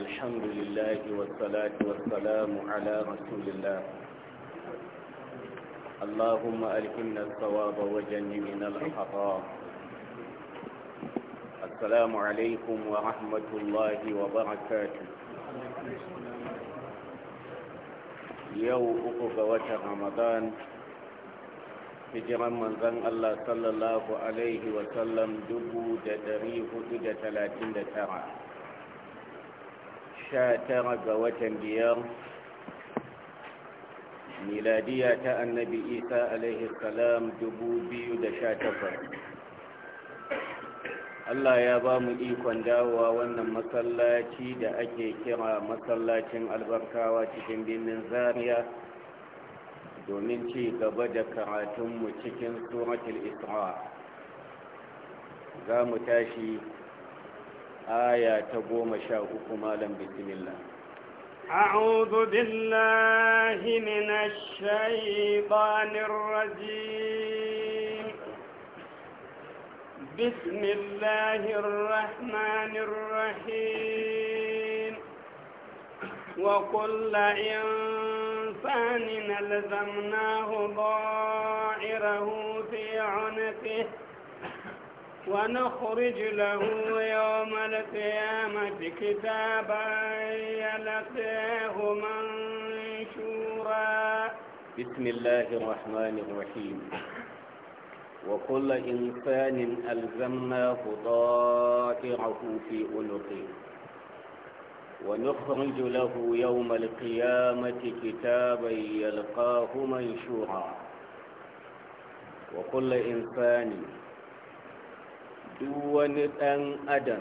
الحمد لله والصلاة والسلام على رسول الله اللهم ألهمنا الصواب وجنبنا الخطا السلام عليكم ورحمة الله وبركاته يوم أقوى رمضان hijiran manzan Allah sallallahu Alaihi wasallam dubu da dari hudu da talatin da tara sha tara ga watan biyar miladiya ta annabi isa alaihi salam dubu biyu da sha takwas allah ya ba mu ikon dawowa wannan masallaci da ake kira masallacin albarkawa cikin birnin zaria domin ci gaba da karatunmu cikin suratul isra za mu tashi آية تقوم شاءكم مالا بسم الله أعوذ بالله من الشيطان الرجيم بسم الله الرحمن الرحيم وكل إنسان ألزمناه ضائره في عنقه ونخرج له يوم القيامة كتابا يلقيه منشورا بسم الله الرحمن الرحيم وكل إنسان ألزمناه طائعه في عنقه ونخرج له يوم القيامة كتابا يلقاه منشورا وكل إنسان duk wani ɗan adam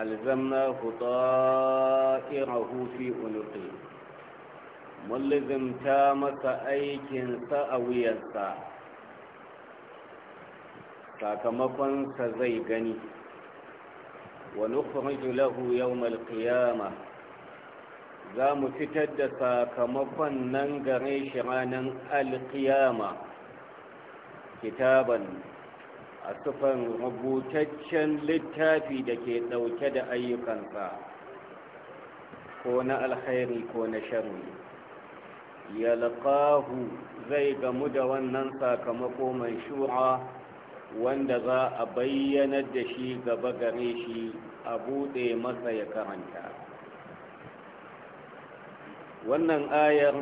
alzamna ku ta'irahu rahufi unuqi mun lizimta masa aikinsa a wuyarsa sakamakonsa zai gani wa nukhriju lahu yawmal qiyamah za mu fitar da sakamakon nan gare shi ranar alkiyama kitaban a tufan rubutaccen littafi da ke ɗauke da ayyukansa ko na alkhairi ko na sharri yalqahu zai gamu da wannan sakamako manshura wanda za a bayyanar da shi gaba gare shi a buɗe masa ya karanta wannan ayar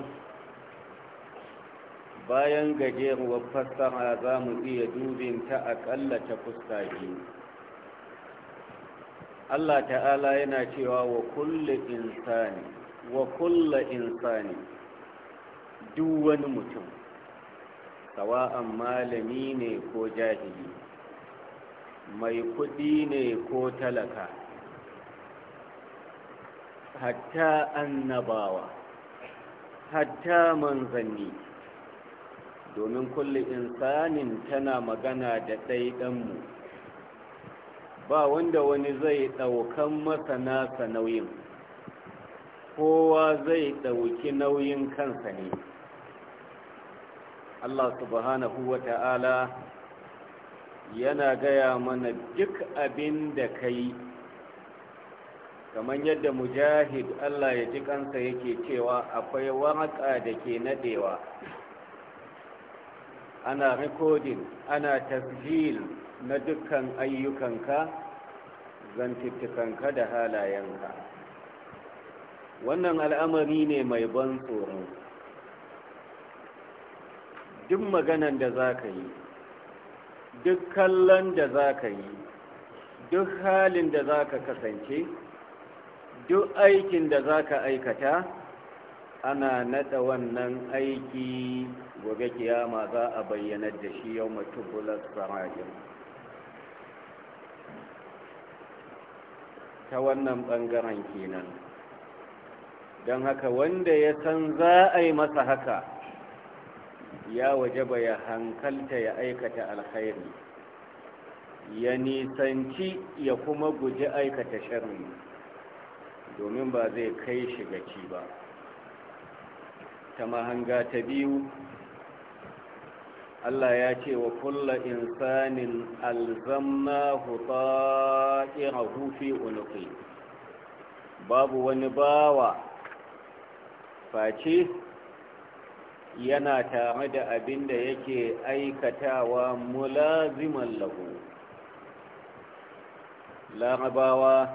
bayan gajeruwar fassara za mu iya dubin ta aƙalla ta fuska biyu Allah ta'ala yana cewa wa kulle insani wa kulle insani duk wani mutum sawa'an malami ne ko jahili mai kuɗi ne ko talaka hatta annabawa hatta manzanni domin kulle insanin tana magana da ɗaiɗanmu ba wanda wani zai ɗaukan masa nasa nauyin kowa zai ɗauki nauyin kansa ne Allah subhanahu wa ta'ala yana gaya mana duk abin da ka yi kamar yadda mujahid Allah ya ji kansa yake cewa akwai waƙa da ke nadewa ana rikodin ana tasjil na dukkan ayyukanka zantuttukanka da halayenka wannan al'amari ne mai ban tsoro duk maganan da za ka yi duk kallon da za ka yi duk halin da za ka kasance duk aikin da za ka aikata ana nada wannan aiki gobe kiyama za a bayyanar da shi yau matubular sarari ta wannan ɓangaren kenan don haka wanda ya san za a yi masa haka ya waje ba ya hankalta ya aikata alkhairi ya nisanci ya kuma guji aikata shirin, domin ba zai kai shiga ci ba ta mahanga ta biyu Allah ya ce wa kulla insanin alzamnahu ƙira hufi unuqi babu wani bawa face yana tare da abin da yake aikatawa mulaziman lagu larabawa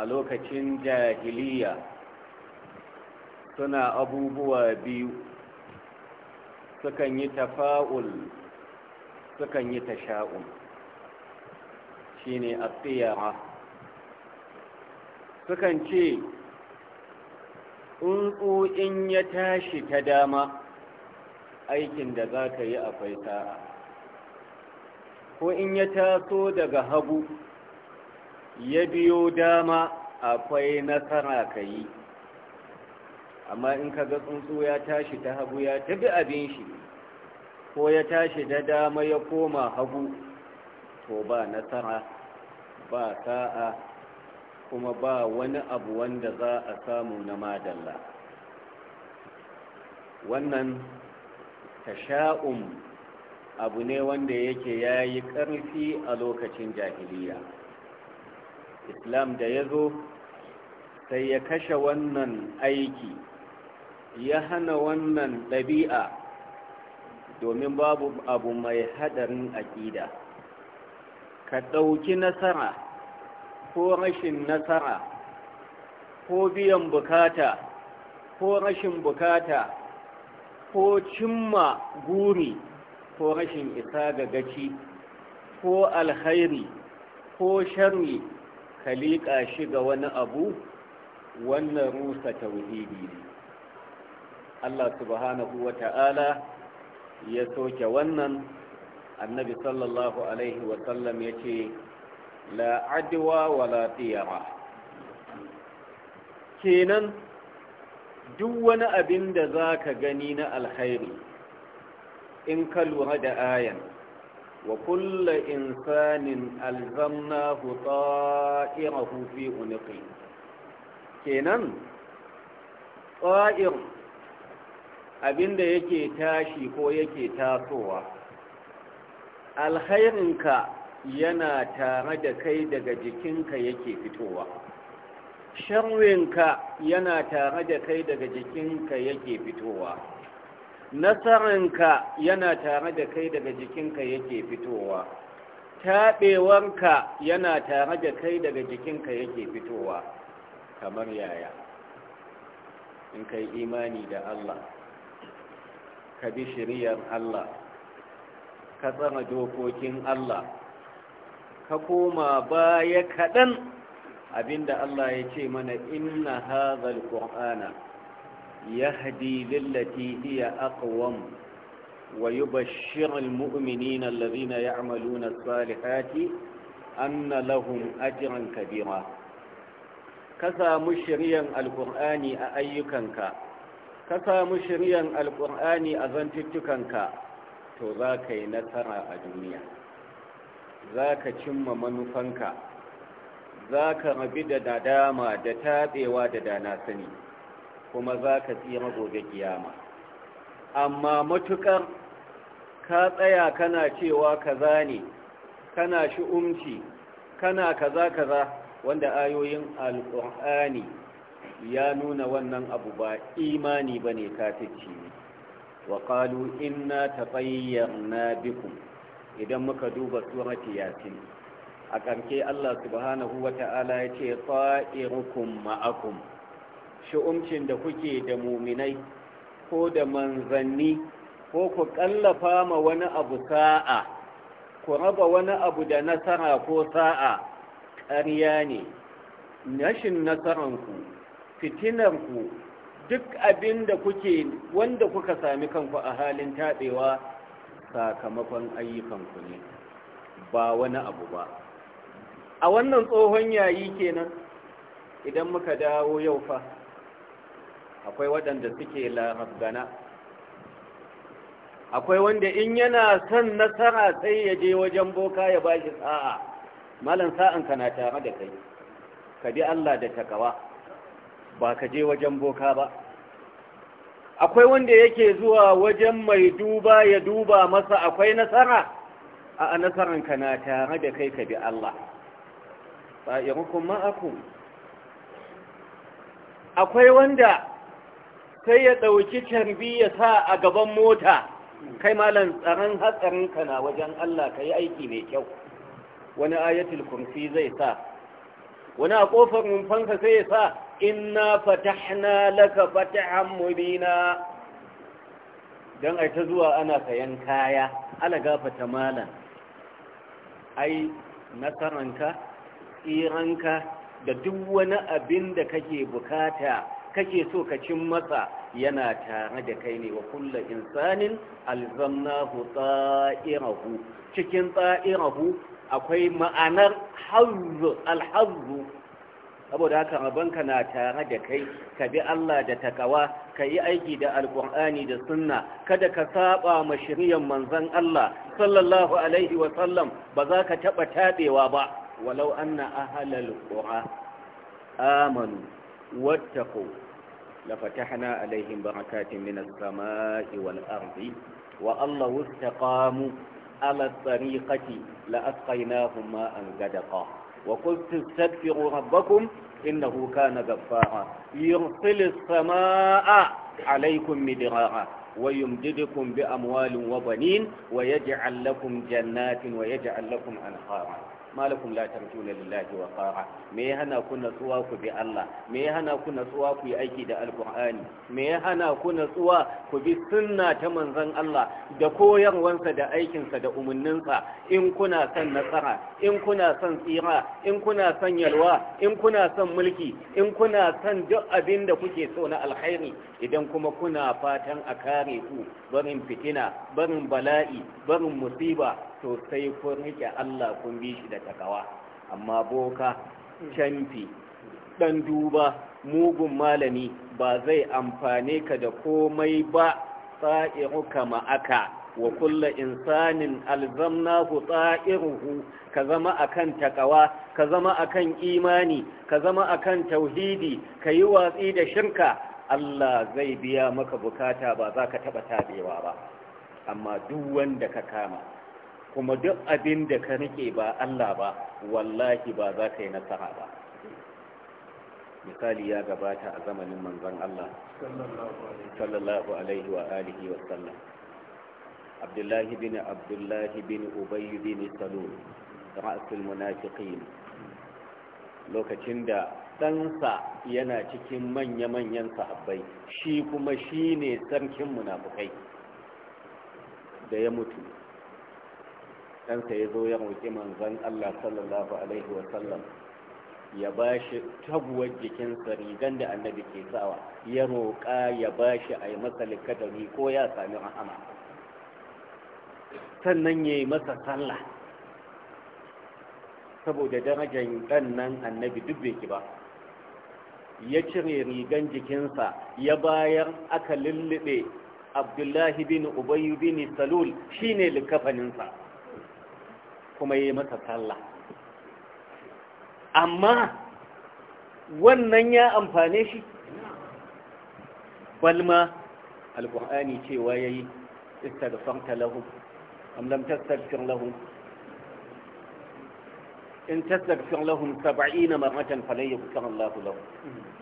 a lokacin jahiliya suna abubuwa biyu sukan yi tafa'ul sukan yi shi ne shine atiyara sukan ce tsuntsu in ya tashi ta dama aikin da za ka yi akwai sa'a ko in ya taso daga hagu ya biyo dama akwai nasara ka yi amma in ka ga tsuntsu ya tashi ta hagu ya tabi abin shi ko ya tashi da dama ya koma hagu to ba nasara ba sa'a kuma ba wani abu wanda za a samu na madalla wannan tasha'um abu ne wanda yake ya yi ƙarfi a lokacin jahiliya islam da ya zo sai ya kashe wannan aiki ya hana wannan ɗabi'a domin babu abu mai haɗarin aƙida ka ɗauki nasara ko rashin nasara ko biyan bukata ko rashin bukata ko cimma guri ko rashin isa ga gaci ko alkhairi ko sharri ka liƙa shi ga wani abu wannan rusa tauhidi ne Allah subhanahu wa ta'ala ya soke wannan annabi sallallahu alaihi wasallam ya ce la'adwa wa la'tiyara kenan duk wani abin da za ka gani na alkhairi in ka lura da ayan wa kulla insanin alzamna ta'irahu fi unqi kenan ta'ir abinda yake tashi ko yake tasowa alkhairinka yana tare da kai daga jikinka yake fitowa Sharwinka yana tare da kai daga jikinka yake fitowa nasaranka yana tare da kai daga jikinka yake fitowa Taɓewarka yana tare da kai daga jikinka yake fitowa kamar yaya in kai imani da Allah ka bi shiriyar Allah ka tsara dokokin Allah ka koma baya kaɗan abinda Allah ya ce mana inna hazal qur'ana yahdi lillati hiya aqwam wa yubashshiru almu'minina alladhina ya'maluna as-salihati anna lahum ajran kabira ka samu shiriyan alqur'ani a ayyukanka ka samu shiryan alƙur'ani a zantuttukanka to za ka yi nasara a duniya za ka cimma manufanka za ka rabi da nadama da taɓewa da dana sani kuma za ka tsira gobe kiyama amma matuƙar ka tsaya kana cewa kaza ne kana shi umci, kana kaza kaza wanda ayoyin alƙur'ani ya nuna wannan abu ba imani ba ne kafirci ne wa ƙalu inna taɓayyarna bikum idan muka duba surati yasin a ƙarke Allah subhanahu wa ta'ala ya ce tsa'irukum ma'akum shi'umcin da kuke da muminai ko da manzanni ko ku ƙallafa ma wani abu sa'a ku raba wani abu da nasara ko sa'a ƙarya ne rashin ku. fitinarku duk abin da kuke wanda kuka sami kanku a halin taɗewa sakamakon ku ne ba wani abu ba a wannan tsohon yayi kenan idan muka dawo yau fa akwai waɗanda suke lahabgana akwai wanda in yana son nasara sai ya je wajen boka ya ba shi sa'a Malam sa'an ka na tare da kai ka bi Allah da takawa ba ka je wajen boka ba akwai wanda yake zuwa wajen mai duba ya duba masa akwai nasara a ka na tare da kai ka bi Allah ba yankun ma'akun akwai wanda sai ya ɗauki carbi ya sa a gaban mota kai malam tsaron ka na wajen Allah ka yi aiki mai kyau wani ayatul kursi zai sa wani a ƙofar rumfansa sai ya sa inna fatahna laka fatahan mubina don ai ta zuwa ana sayan kaya ala gafata malan ai nasaranka tsiranka da duk wani abin da kake bukata kake so ka cin masa yana tare da kai ne wa kulla insanin alzamnahu tsa'irahu cikin tsa'irahu akwai ma'anar hazzu alhazzu saboda haka rabanka na tare da kai ka bi Allah da takawa ka yi aiki da alkur'ani da sunna kada ka saba ma shiryan manzon Allah sallallahu alaihi wa sallam ba za ka taba tabewa ba walau anna ahlal qura amanu wattaqu la fatahna alaihim barakatin minas samai wal ardi wa Allah istaqamu على الطريقة لأسقيناهم ماء غدقا وقلت استغفروا ربكم إنه كان غفارا يرسل السماء عليكم مدرارا ويمددكم بأموال وبنين ويجعل لكم جنات ويجعل لكم أنهارا malakum la tarjuna lillahi wa qara me ya hana ku natsuwa ku bi Allah me ya hana ku natsuwa ku yi aiki da alqur'ani me ya hana ku natsuwa ku bi sunna ta manzon Allah da koyarwansa da aikinsa da umunninsa in kuna son nasara in kuna son tsira in kuna son yalwa in kuna son mulki in kuna son duk abin da kuke so na alkhairi idan kuma kuna fatan a kare ku barin fitina barin bala'i barin musiba to sai kun rike Allah kun bi shi da takawa amma boka canfi dan duba mugun malami ba zai amfane ka da komai ba sa'iruka ma'aka wa kulla insanin alzamnahu sa'iruhu ka zama akan takawa ka zama akan imani ka zama akan tauhidi ka yi watsi da shirka Allah zai biya maka bukata ba za ka taɓa taɓewa ba amma duk wanda ka kama kuma duk abin da ka rike ba Allah ba wallahi ba za ka yi nasara ba misali ya gabata a zamanin manzon Allah sallallahu alaihi wa alihi wa sallam Abdullahi bin Abdullahi bin ubayy bin Salul ra'sul munafiqin lokacin da ɗansa yana cikin manya-manyan sahabbai shi kuma shi ne sarkin munafukai da ya mutu ɗansa ya zo ya roƙi manzon Allah sallallahu alaihi wa ya ba shi taguwar jikinsa rigan da annabi ke sawa ya roƙa ya ba shi a yi masa likadari ko ya sami rahama sannan ya yi masa sallah saboda darajar ɗan nan annabi duk bai ki ba ya cire rigan jikinsa ya bayar aka lullube abdullahi bin ubayu bin salul shine likafaninsa kuma yi masa sallah amma wannan ya amfane shi balma alƙur'ani cewa ya yi istaghfarta lahum am lam tastaghfir lahum in tastaghfir lahum 70 maratan falan yaghfir Allah lahu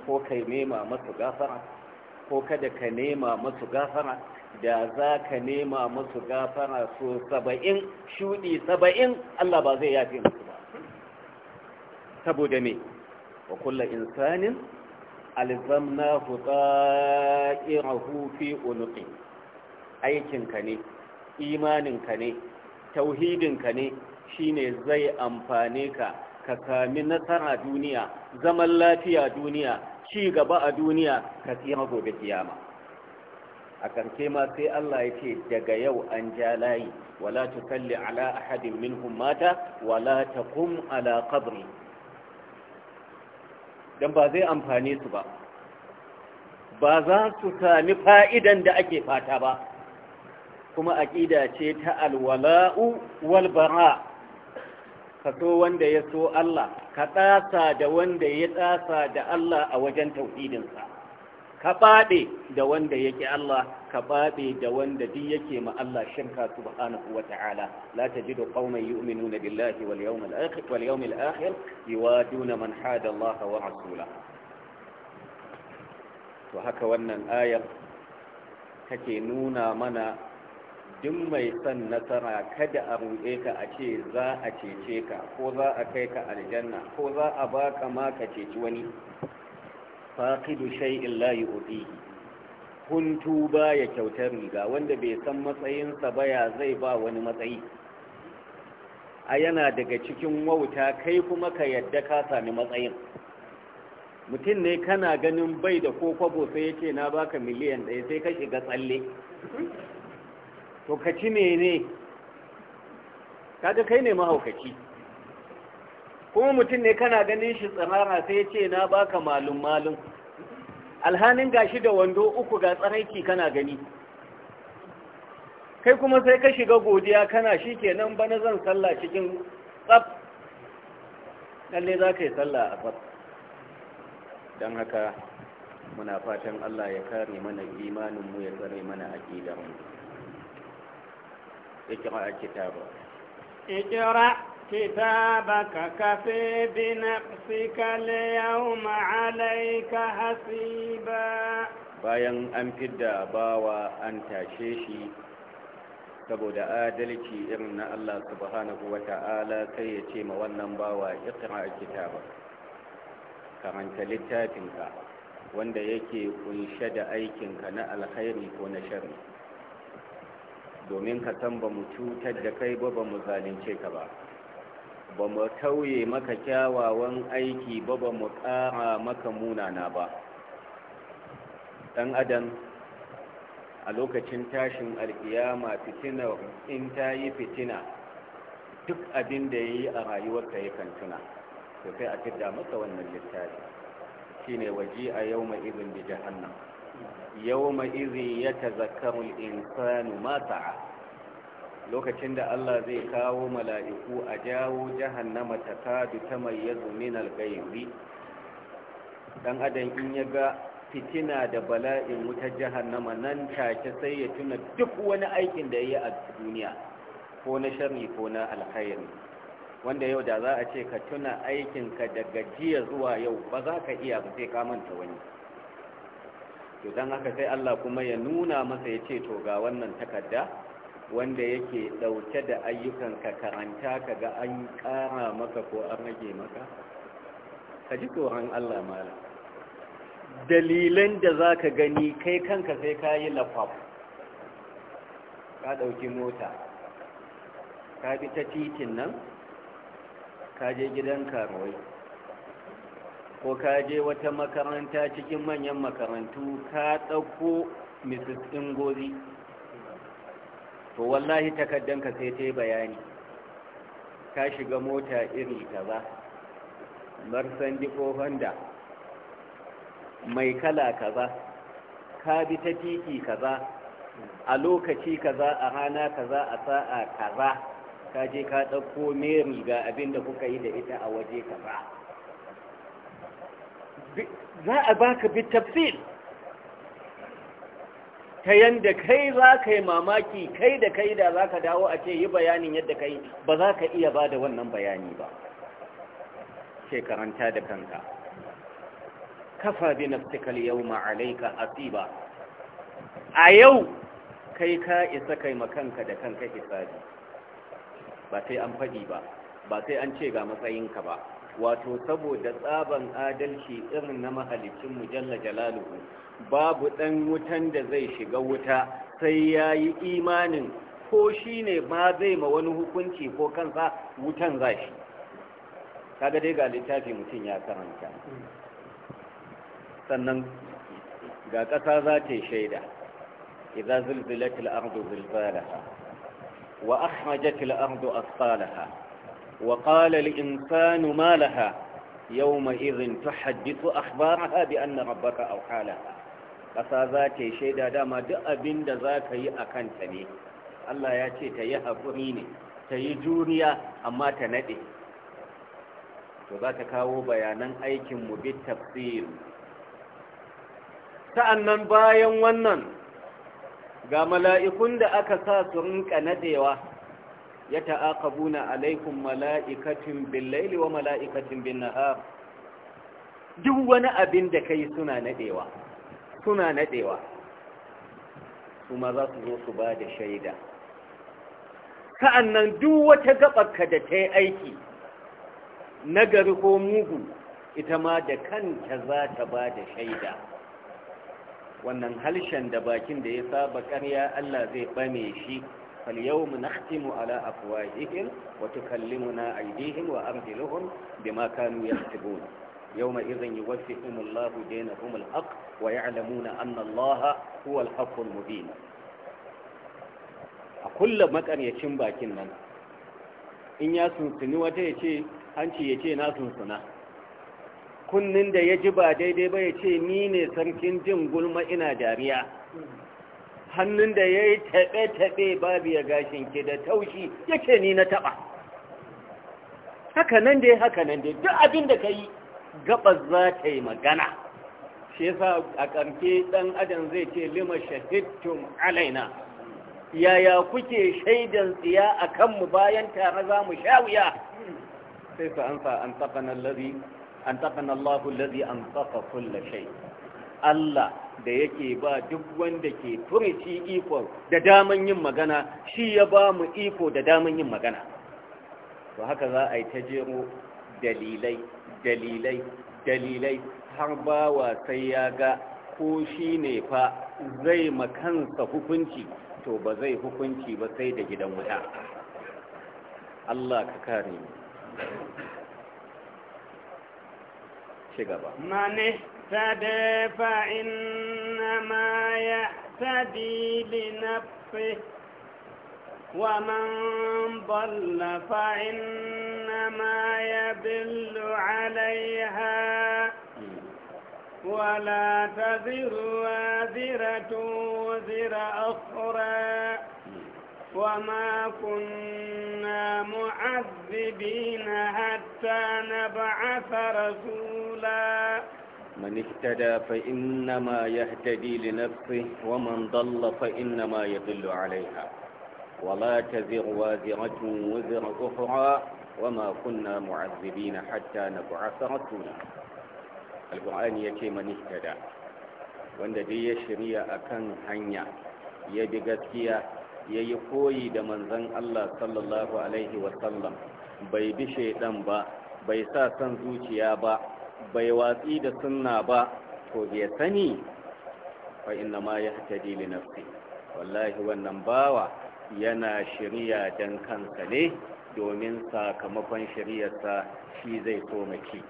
ko kai nema masu gafara ko kada ka nema masu gafara da za ka nema masu gafara so saba'in shuɗi saba'in Allah ba zai yafe musu ba saboda me wa kulla insanin alzamna hutsa'irahu fi unuqi aikinka ne imaninka ne tauhidinka ne shine zai amfane ka ka sami nasara duniya zaman lafiya duniya ci gaba a duniya ka tsira gobe kiyama a karshe ma sai Allah ya ce daga yau an ja layi wala tukalli ala ahadin min mata wala kum ala kabri dan ba zai amfane su ba ba za su sami fa'idan da ake fata ba kuma aƙida ce ta alwala'u walbara ka so wanda ya so Allah ka tsasa da wanda ya tsasa da Allah a wajen tauhidinsa ka baɗe da wanda yake Allah ka baɗe da wanda duk yake ma Allah shirka subhanahu wata'ala la tajidu qauman yu'minuna billahi wal yawmil akhir wal yawmil akhir yuwaduna man hada Allah wa rasulahu to haka wannan ayar take nuna mana duk mai son nasara kada a ruɗe ka a ce za a cece ka ko za a kai ka aljanna ko za a baka ma ka ceci wani faqidu shay'in la yu'tihi huntu ya kyautar riga wanda bai san matsayinsa ba ya zai ba wani matsayi a yana daga cikin wauta kai kuma ka yadda ka sami matsayin mutum ne kana ganin bai da ko kwabo sai ya na baka miliyan ɗaya sai ka shiga tsalle to ka ci mene kaga kai ne mahaukaci kuma mutum ne kana ganin shi tsirara sai ce na baka malum malum alhanin gashi da wando uku ga tsaraiki kana gani kai kuma sai ka shiga godiya kana shi kenan bana zan sallah cikin tsab lalle za ka yi sallah a tsab don haka muna fatan Allah ya kare mana imaninmu ya tsare mana aƙidarmu اقرأ كتابك اقرأ كتابك كفي بنفسك اليوم عليك حسيبا bayan an fidda bawa an tashe shi saboda adalci irin na Allah subhanahu wa ta'ala sai ya ce ma wannan bawa iqra kitaba karanta littafinka wanda yake kunshe da aikinka na alkhairi ko na sharri domin ka san ba mu cutar da kai ba ba mu zalunce ka ba ba mu tauye maka kyawawan aiki ba ba mu ƙara maka munana ba ɗan adam a lokacin tashin alkiyama fitina in ta yi fitina duk abin da ya yi a rayuwarka ya kantuna to sai a fidda masa wannan littafi ne waje a yau mai izin da jahannam yawma ya ta zakarun insanu mata lokacin da Allah zai kawo mala'iku a jawo jahannama ta kadu ta mai min al-ghaibi dan adan in ya ga fitina da bala'in wutar jahannama nan take sai ya tuna duk wani aikin da yayi a duniya ko na sharri ko na alkhairi wanda yau da za a ce ka tuna aikinka daga jiya zuwa yau ba za ka iya ba sai ka wani to don haka sai Allah kuma ya nuna masa ya ce to ga wannan takarda wanda yake ɗauke da ayyukan ka karanta ka ga an kara maka ko an rage maka ka ji tsoron Allah mala dalilan da za ka gani kai kanka sai ka yi lafaf ka ɗauki mota ka bi ta titin nan ka je gidan karuwai ko ka je wata makaranta cikin manyan makarantu ka ɗauko mrs ingozi to wallahi takaddanka sai ta yi bayani ka shiga mota iri kaza marsandi ko honda mai kala kaza ka bi ta titi kaza a lokaci kaza a rana kaza a sa'a kaza ka je ka ɗauko mai riga abinda kuka yi da ita a waje kaza za a baka bi tafsir ta yadda kai za ka yi mamaki kai da kai da za ka dawo a ce yi bayanin yadda kai ba za ka iya ba da wannan bayani ba shekaranta da kanka kafa bi naftikal yau ma'alaika asiba a yau kai ka isa kai makanka da kanka hisabi ba sai an faɗi ba ba sai an ce ga matsayinka ba wato saboda tsaban adalci irin na mahalicin mujalla jalaluhu babu ɗan wutan da zai shiga wuta sai ya yi imanin ko shi ne ma zai ma wani hukunci ko kansa wutan za shi kaga dai ga littafi mutum ya karanta sannan ga ƙasa za ta yi shaida idza zulzilatil ardu zilzalaha wa akhrajatil ardu asqalaha وقال الإنسان ما لها يومئذ تحدث أخبارها بأن ربك a wakala. ƙasa za ta yi shaida dama duk abinda da yi a kanta ne Allah ya ce ta yi haƙuri ne ta yi juriya amma ta naɗe to za ta kawo bayanan aikin mu bi tafsir sa'annan bayan wannan ga mala'ikun da aka sa su rinka nadewa ya ta'aqabuna alaikum mala'ikatin bil-laili wa mala'ikatin bin-nahar duk wani abin da ka yi suna naɗewa, suna nadewa kuma za su zo su ba da shaida sa'annan duk wata gabarka da ta yi aiki nagari ko mugu ita ma da kanta za ta ba da shaida wannan halshen da bakin da ya saba ƙarya Allah zai ɓame shi فاليوم نختم على أفواههم وتكلمنا أيديهم وأرجلهم بما كانوا يكسبون يومئذ يوفئهم الله دينهم الحق ويعلمون أن الله هو الحق المبين أقول kulla makaryacin bakin nan إن ya سنوة wata أنت ce hanci سنة ce kunnin da ya ji ba daidai ba ya ce ni ne sarkin jin gulma ina dariya hannun da ya yi taɓe-taɓe babu ya gashin ki da taushi yake ni na taɓa haka nan dai haka nan dai duk abin da ka yi gabas za ta yi magana shi yasa a ƙarfe ɗan adam zai ce lima shahidtum alaina yaya kuke shaidan tsiya a kanmu bayan tare za mu sha wuya sai su ansa an taƙana Allahu lazi an tsafa kulla shai Allah da yake ba duk wanda ke furici iko da daman yin magana shi ya ba mu iko da daman yin magana to haka za a yi ta jero dalilai dalilai dalilai har bawa sai ya ga ko shi ne fa zai ma kansa hukunci to ba zai hukunci ba sai da gidan wuta Allah ka kare mu gaba يهتدي فإنما يهتدي لنفسه ومن ضل فإنما يضل عليها ولا تذر وازرة وزر أخرى وما كنا معذبين حتى نبعث رسولا من اهتدى فإنما يهتدي لنفسه ومن ضل فإنما يضل عليها ولا تزر وازرة وزر أخرى وما كنا معذبين حتى نبعث رسولا القرآن يتي من اهتدى wanda dai ya shirya kan hanya ya bi gaskiya ya yi koyi da manzan Allah sallallahu alaihi wasallam bai bi shaidan ba bai sa son zuciya ba bai watsi da sunna ba ko bai sani fa inna ma ya hatadi li nafsi wallahi wannan bawa yana shirya dan kansa ne domin sakamakon shiryarsa shi zai ci.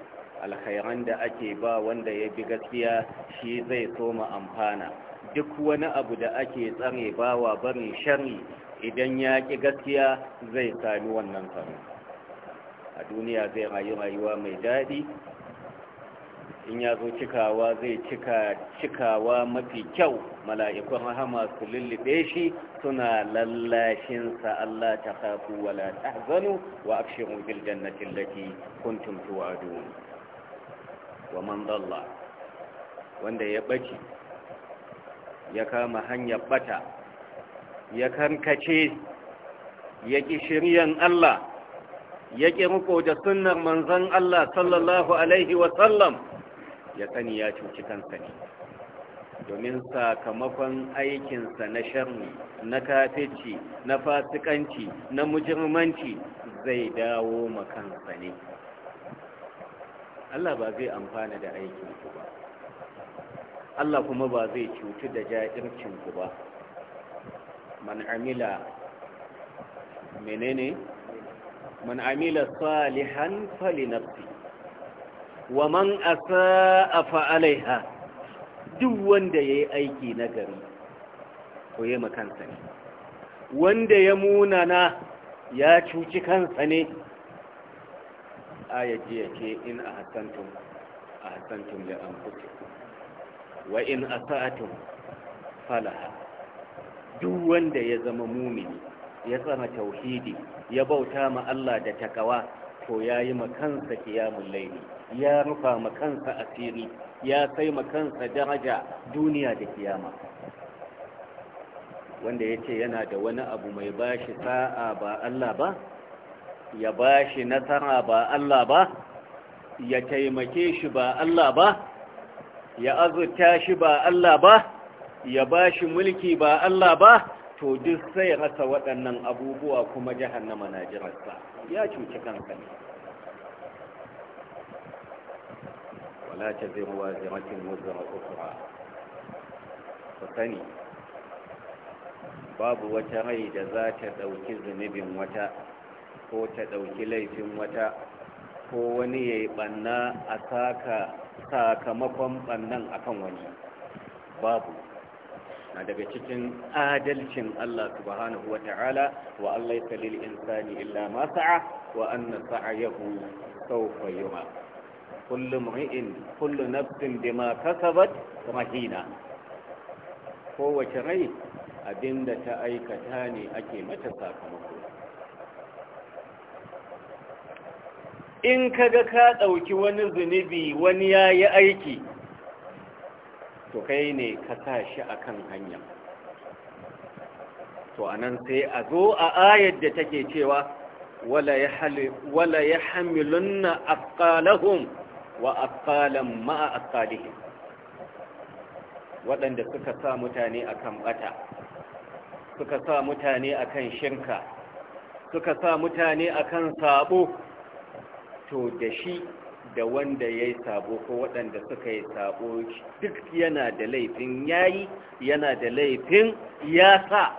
alkhairan da ake ba wanda ya bi gaskiya shi zai soma amfana duk wani abu da ake tsare bawa barin shari idan ya ƙi gaskiya zai sami wannan tsaro. a duniya zai rayu rayuwa mai daɗi in ya zo cikawa zai cika cikawa mafi kyau mala'ikun rahama su lullube shi suna lallashinsa Allah ta hafu wala ta zanu wa afshirin bil jannatin lati kuntum tuwadu wa man dalla wanda ya baci ya kama hanyar bata ya kankace ya ki shiryan Allah ya ki riko da sunnar manzon Allah sallallahu alaihi wa sallam ya sani ya cuci kansa ne domin sakamakon aikinsa na sharri na kafirci na fasikanci na mujirmanci zai dawo makansa ne Allah ba zai amfana da aikinku ba Allah kuma ba zai cutu da ja'ircinku ba man amila menene man amila salihan fali nafsi wa man asaa fa alaiha duk wanda yayi aiki na nagari to yayi makansa ne wanda ya munana ya cuci kansa ne ya yake in ahsantum ahsantum li anfusikum wa in asa'atum falaha duk wanda ya zama mumini ya tsama tauhidi ya bauta ma Allah da takawa ko ya yi makansa kiyamun laili ya rufa makansa asiri ya sai makansa daraja duniya da kiyama wanda ya ce yana da wani abu mai bashi sa'a ba Allah ba ya bashi nasara ba Allah ba ya taimake shi ba Allah ba ya azurta shi ba Allah ba ya bashi mulki ba Allah ba to duk sai rasa waɗannan abubuwa kuma jahannama na jirarsa ya cuci kanka wala ta zai ruwa zamatin muzama ukura ku sani babu wata rai da za ta ɗauki zunubin wata ko ta ɗauki laifin wata ko wani ya yi ɓanna a sakamakon ɓannan akan wani babu na daga cikin adalcin Allah subhanahu wa ta'ala wa Allah ya lil insani illa ma sa'a wa anna sa'ayahu sawfa yura kullu mu'in kullu nafsin bima kasabat rahina kowace rai abinda ta aikata ne ake mata sakamako in kaga ka ɗauki wani zunubi wani yayi aiki to kai ne ka sa shi a kan hanya to a nan sai a zo a ayar da take cewa wala ya hamilun na afkalahun wa afkalan ma'a afkalihin waɗanda suka sa mutane a kan ɓata suka sa mutane a kan shinka suka sa mutane a kan sabo to da shi da wanda ya yi sabo ko waɗanda suka yi sabo duk yana da laifin yayi yana da laifin ya sa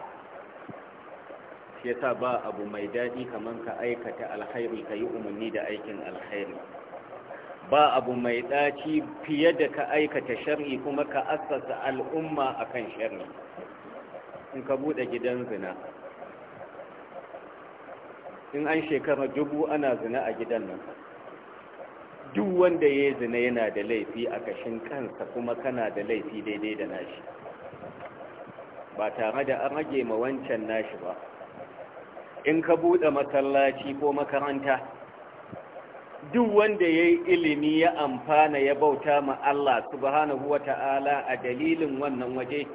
ya yasa ba abu mai daɗi kamar ka aikata alkhairi ka yi umarni da aikin alkhairi ba abu mai ɗaci fiye da ka aikata shari'i kuma ka asasa al'umma a kan shari'i in ka buɗe gidan zina in an shekara dubu ana zina a gidan nan duk wanda ya zina yana da laifi a kashin kansa kuma kana da laifi daidai da nashi ba tare da an rage ma wancan nashi ba in ka buɗe masallaci ko makaranta duk wanda ya yi ilimi ya amfana ya bauta ma Allah subhanahu wa ta'ala a dalilin wannan waje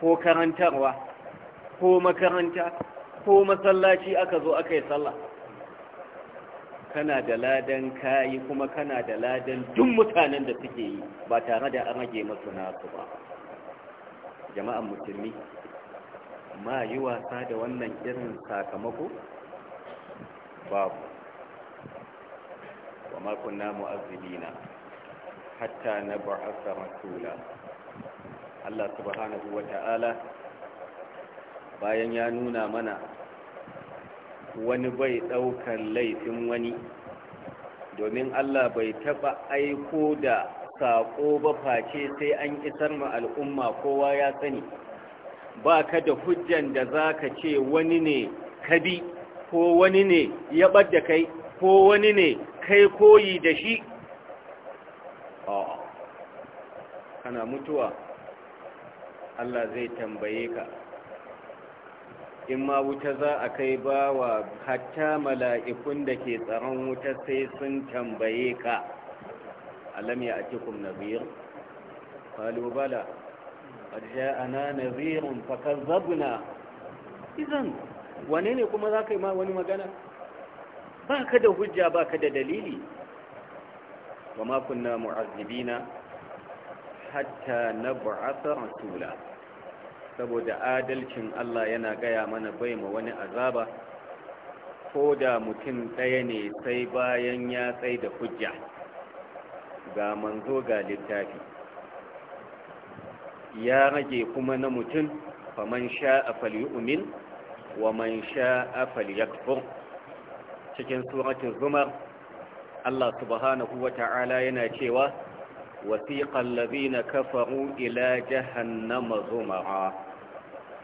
ko karantarwa ko makaranta ko masallaci aka zo aka yi sallah kana da ladan kayi kuma kana da ladan duk mutanen da suke yi ba tare da an rage masu nasu ba jama'an musulmi ma yi wasa da wannan irin sakamako babu wa namu mu'azzibina hatta na ba'asa rasula Allah subhanahu wa ta'ala bayan ya nuna mana wani bai ɗaukar laifin wani domin Allah bai taɓa aiko da saƙo ba face sai an isar ma al'umma kowa ya sani ba ka da hujjan da za ka ce wani ne kabi ko wani ne ya ɓadda kai ko wani ne kai koyi da shi kana mutuwa Allah zai tambaye ka in ma wuta za a kai bawa hatta mala'ikun da ke tsaron wuta sai sun tambaye ka alam ya atikum nazir qalu bala qad ja'ana nazirun fakazzabna idan wane ne kuma za ka yi ma wani magana ba ka da hujja ba ka da dalili wa na kunna na? hatta na nab'atha rasula saboda adalcin Allah yana gaya mana bai ma wani azaba ko da mutum ɗaya ne sai bayan ya tsai da hujja ga manzo ga littafi ya rage kuma na mutum faman sha'a falyu'min wa man sha'a falyakfur cikin suratul zumar Allah subhanahu wata'ala yana cewa وثيق الذين كفروا إلى جهنم زمرا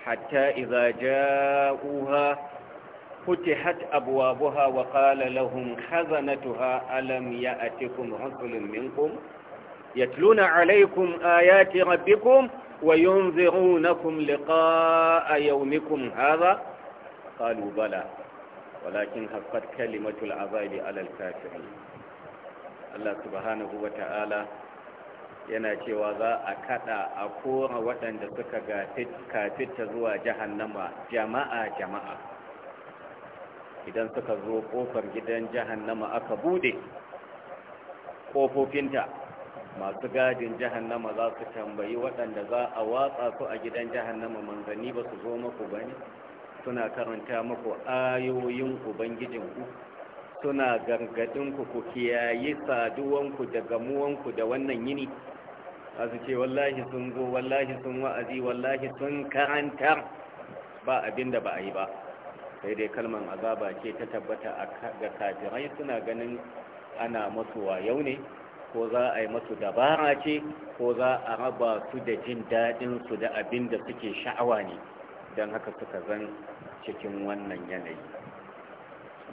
حتى إذا جاءوها فتحت أبوابها وقال لهم خزنتها ألم يأتكم رسل منكم يتلون عليكم آيات ربكم وينذرونكم لقاء يومكم هذا قالوا بلى ولكن حقت كلمة العذاب على الكافرين الله سبحانه وتعالى yana cewa za a kada a kora waɗanda suka kafita zuwa jahannama jama'a jama'a idan suka zo kofar gidan jahannama aka bude kofofinta masu gadin jahannama za su tambayi waɗanda za a watsa su a gidan jahannama manzanni ba su zo maku ba ne suna karanta maku ayoyin ubangijinku suna gargadinku ku kiyaye saduwanku da gamuwanku da wannan yini a su wallahi sun zo wallahi sun wa'azi wallahi sun karanta ba abin da ba a yi ba sai dai kalman azaba ce ta tabbata ga kafirai suna ganin ana masu wayau ne ko za a yi masu dabara ce ko za a raba su da jin daɗin su da abin da suke sha'awa ne don haka suka zan cikin wannan yanayi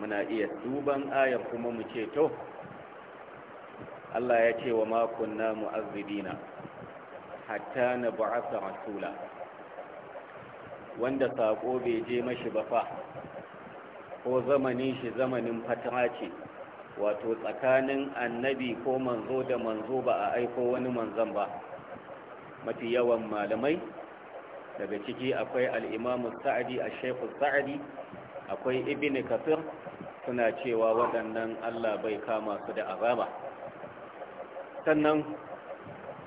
muna iya duban ayar kuma mu ce to Allah ya ce wa makunna na, hatta na ba'asa rasula wanda saƙo bai je mashi ba fa ko zamanin shi zamanin fatara ce wato tsakanin annabi ko manzo da manzo ba a aiko wani manzan ba mafi yawan malamai daga ciki akwai al'imamu sa'adi a shaifu sa'adi akwai ibini kafir suna cewa waɗannan allah bai kama su da azaba sannan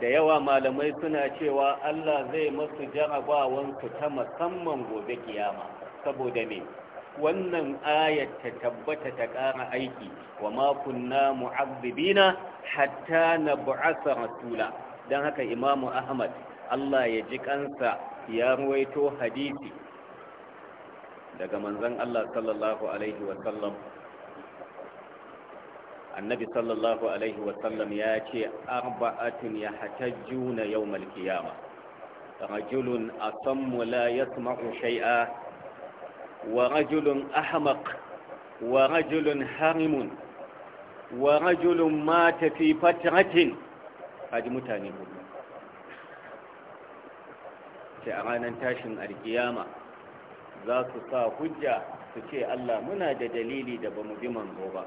da yawa malamai suna cewa Allah zai masu jarabawansu ta musamman gobe kiyama saboda me wannan ayat ta tabbata ta ƙara aiki wa ma kunna mu'azzibina hatta nab'asa rasula dan haka imamu ahmad Allah ya ji kansa ya ruwaito hadisi daga manzon Allah sallallahu alaihi Wasallam. annabi sallallahu alaihi wasallam ya ce arba'atin ya juna yau, Malkiyama. rajulun asammu la yasma'u shai'a wa rajulun ahmaq wa rajulun harimun wa rajulun mata fi fatratin haji mutane hudu ce a ranar tashin alkiyama za su sa hujja su ce Allah muna da dalili da ba mu bi manzo ba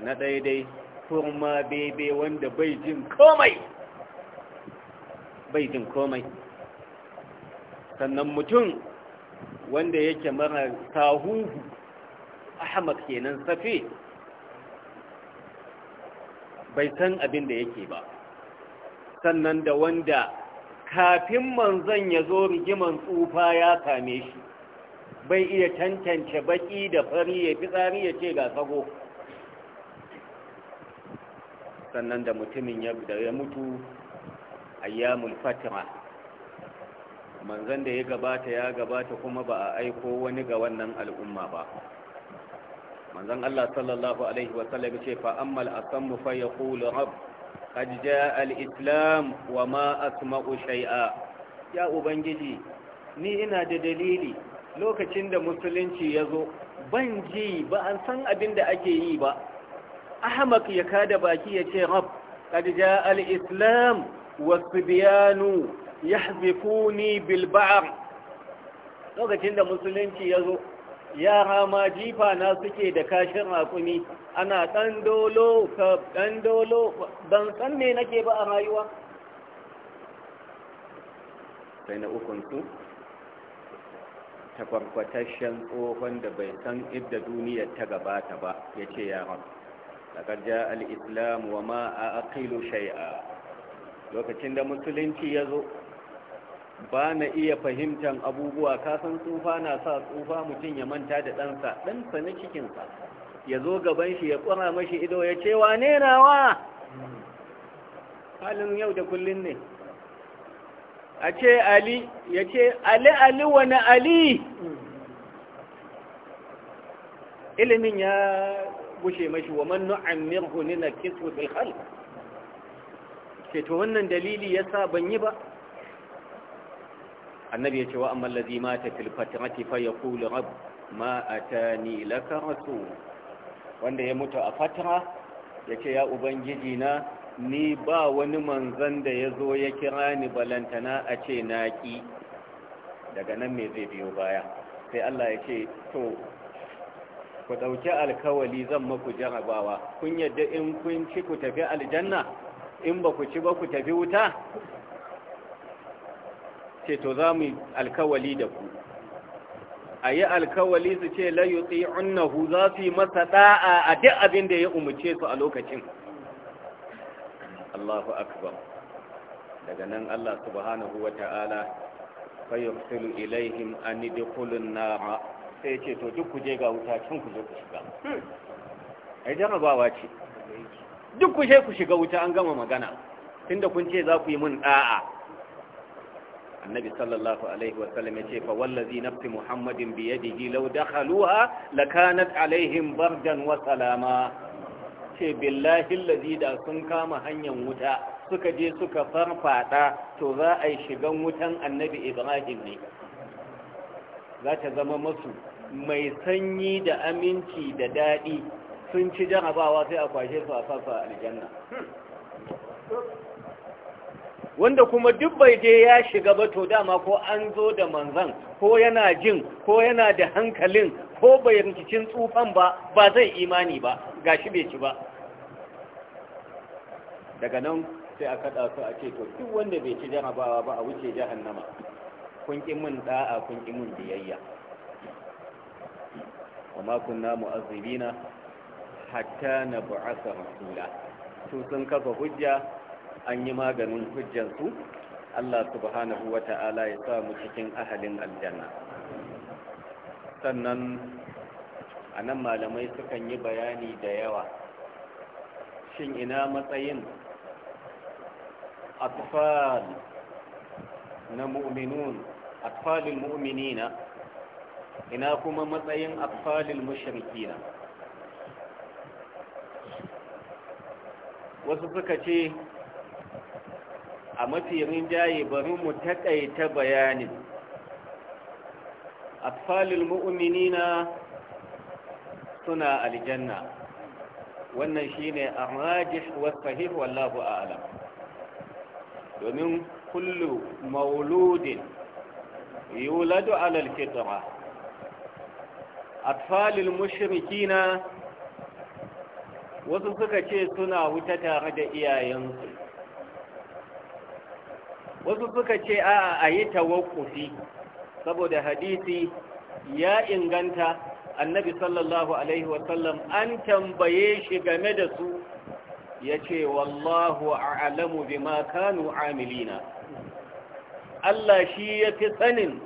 na daidai kurma bebe wanda bai jin komai bai jin komai sannan mutum wanda yake mara tahuhu ahmad kenan safi bai san abin da yake ba sannan da wanda kafin manzon ya zo rigiman tsufa ya kame shi bai iya tantance baki da fari ya fi ya ce ga sago sannan da mutumin da ya mutu ayyamul fatima manzan da ya gabata ya gabata kuma ba a aiko wani ga wannan al'umma ba manzan Allah sallallahu alaihi wasallam ce fa ammal asammu fa yaqulu rabb qad jaa al wa ma asma'u shay'a ya ubangiji ni ina da dalili lokacin da musulunci ya zo ban ji ba an san abin da ake yi ba ahmak ya kada baki ya ce rab qad jaa al-islam was-sibyanu yahbikuni bil ba'r lokacin da musulunci ya zo yara ma jifa na suke da kashin rakumi ana ɗan dolo ka ɗan dolo san me nake ba a rayuwa sai na su ta farkwatashen tsohon da bai san idda duniyar ta gabata ba ya ce yaran لقد wa ma a Akilu Shai'a. lokacin da musulunci ya zo ba na iya fahimtar abubuwa kasan tsufa na sa tsufa mutum ya manta da ɗansa ɗansa na cikinsa ya zo gaban shi ya ƙura mashi ido ya ce wa ne nawa halin yau da kullum ne a ce ali ya ce ali ali wani ali ilimin ya gushe mashi wa man nu'ammirhu kisu fil khalq ce to wannan dalili yasa ban yi ba annabi ya ce wa amma allazi mata fil fatrati fa yaqulu rabb ma atani laka rasul wanda ya mutu a fatra yace ya ubangiji na ni ba wani manzan da ya zo ya kira ni balantana a ce naƙi daga nan me zai biyo baya sai Allah ya to ku ɗauki alkawali zan maku jarabawa kun yadda in kun ci ku tafi aljanna in ba ku ci ba ku tafi wuta ce to za mu alkawali da ku a yi alkawali su ce layutsi unnahu za su yi masa ɗa'a a duk abin da ya umarce su a lokacin Allahu akbar daga nan Allah subhanahu wa ta'ala fayyarsilu ilaihim an nara sai ya ce to duk ku je ga wuta tun ku zo ku shiga ai jarabawa ce duk ku je ku shiga wuta an gama magana tunda kun ce za ku yi mun da'a annabi sallallahu alaihi wa sallam yace fa wallazi nafsi muhammadin bi yadihi law dakhaluha lakanat alaihim bardan wa salama ce billahi allazi da sun kama hanyar wuta suka je suka farfada to za a yi shigan wutan annabi ibrahim ne za ta zama masu mai sanyi da aminci da daɗi sun ci jarabawa sai a kwashe su a fasa aljanna wanda kuma duk bai je ya shiga ba to dama ko an zo da manzan ko yana jin ko yana da hankalin ko bai rikicin tsufan ba ba zai imani ba gashi bai ci ba daga nan sai a kada su a ce to duk wanda bai ci jarabawa ba a wuce jahannama kun ƙi mun da'a kun ƙi mun biyayya وما كنا مؤذبين حتى نبعث رسولا su sun kafa hujja an yi maganin hujjansu Allah subhanahu wa ta'ala ya sa mu cikin ahalin aljanna sannan a nan malamai sukan yi bayani da yawa shin ina matsayin atfal na mu'minun atfalin mu'minina ina kuma matsayin afalil mushrikina wasu suka ce a mafi rinjaye bari mu taƙaita bayanin atfalil mu'minina suna aljanna wannan shine arrajih wasahih wallahu a'lam domin kullu mauludin yuladu ala alfitra atfalil mushrikina wasu suka ce suna wuta tare da iyayensu wasu suka ce a a yi tawakkufi saboda hadisi ya inganta annabi sallallahu alaihi wasallam an tambaye shi game da su ya ce wallahu a'lamu bima kanu amilina Allah shi ya fi tsanin